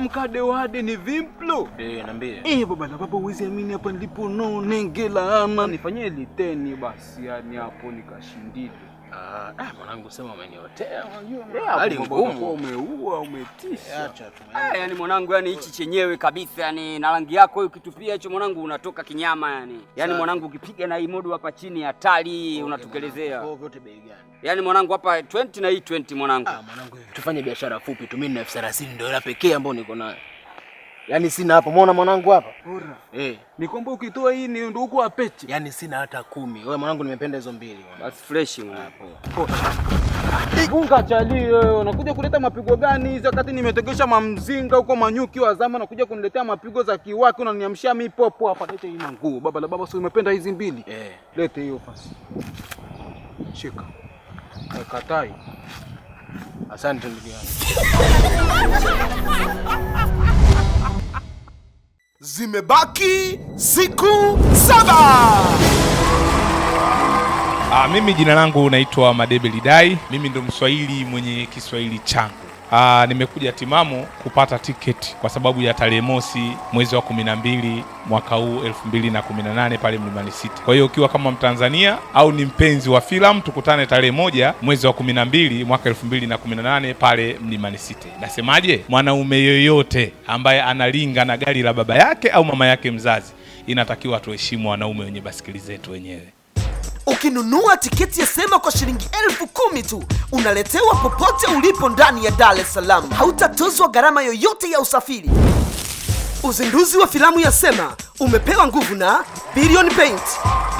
mkade wade ni vimplo eh, niambie baba la baba, uwezi amini, hapa ndipo no nenge ama nifanyie liteni basi, yani hapo nikashindike Ah, ah, mwanangu sema umeniotea, unajua eh, hali ngumu. Umeua, umetisha. Ah, yani mwanangu, yani hichi chenyewe kabisa, yani na rangi yako hiyo ukitupia hicho mwanangu unatoka kinyama yani. Yani mwanangu ukipiga na hii modu hapa chini hatari unatukelezea. vyote bei gani? Yani mwanangu hapa 20 na hii 20 mwanangu. Ah, mwanangu tufanye biashara fupi tu, mimi na elfu thelathini ndio la pekee ambayo niko nayo. Yaani sina hapo. Umeona mwanangu hapa? Bora. Eh. Ni kwamba ukitoa hii ni ndio huko apeche. Yaani sina hata kumi. Wewe mwanangu nimependa hizo mbili. Bas fresh hapo. Ah, Bunga chali wewe unakuja kuleta mapigo gani hizo wakati nimetegesha mamzinga huko manyuki wa zama nakuja kuniletea mapigo za kiwaki unaniamshia mimi popo hapa lete hii nguo. Baba la baba sio umependa hizi mbili. Eh. Lete hiyo basi. Shika. Katai. Asante ndugu yangu. Zimebaki siku saba. Ah, mimi jina langu naitwa Madebe Lidai. Mimi ndo Mswahili mwenye Kiswahili changu. Aa, ah, nimekuja timamu kupata tiketi kwa sababu ya tarehe mosi mwezi wa 12 mwaka huu 2018 pale Mlimani City. Kwa hiyo ukiwa kama Mtanzania au ni mpenzi wa filamu, tukutane tarehe moja mwezi wa 12 mwaka 2018 pale Mlimani City. Nasemaje, mwanaume yoyote ambaye analinga na gari la baba yake au mama yake mzazi, inatakiwa tuheshimu wanaume wenye basikeli zetu wenyewe. Ukinunua tiketi ya Sema kwa shilingi kumi tu unaletewa popote ulipo ndani ya Dar es Salaam. Hautatozwa gharama yoyote ya usafiri. Uzinduzi wa filamu ya Sema umepewa nguvu na Billion Paint,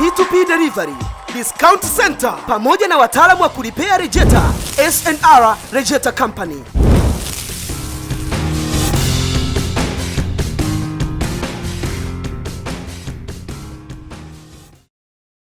P2P Delivery, Discount Center pamoja na wataalamu wa kulipea rejeta SNR Rejeta Company.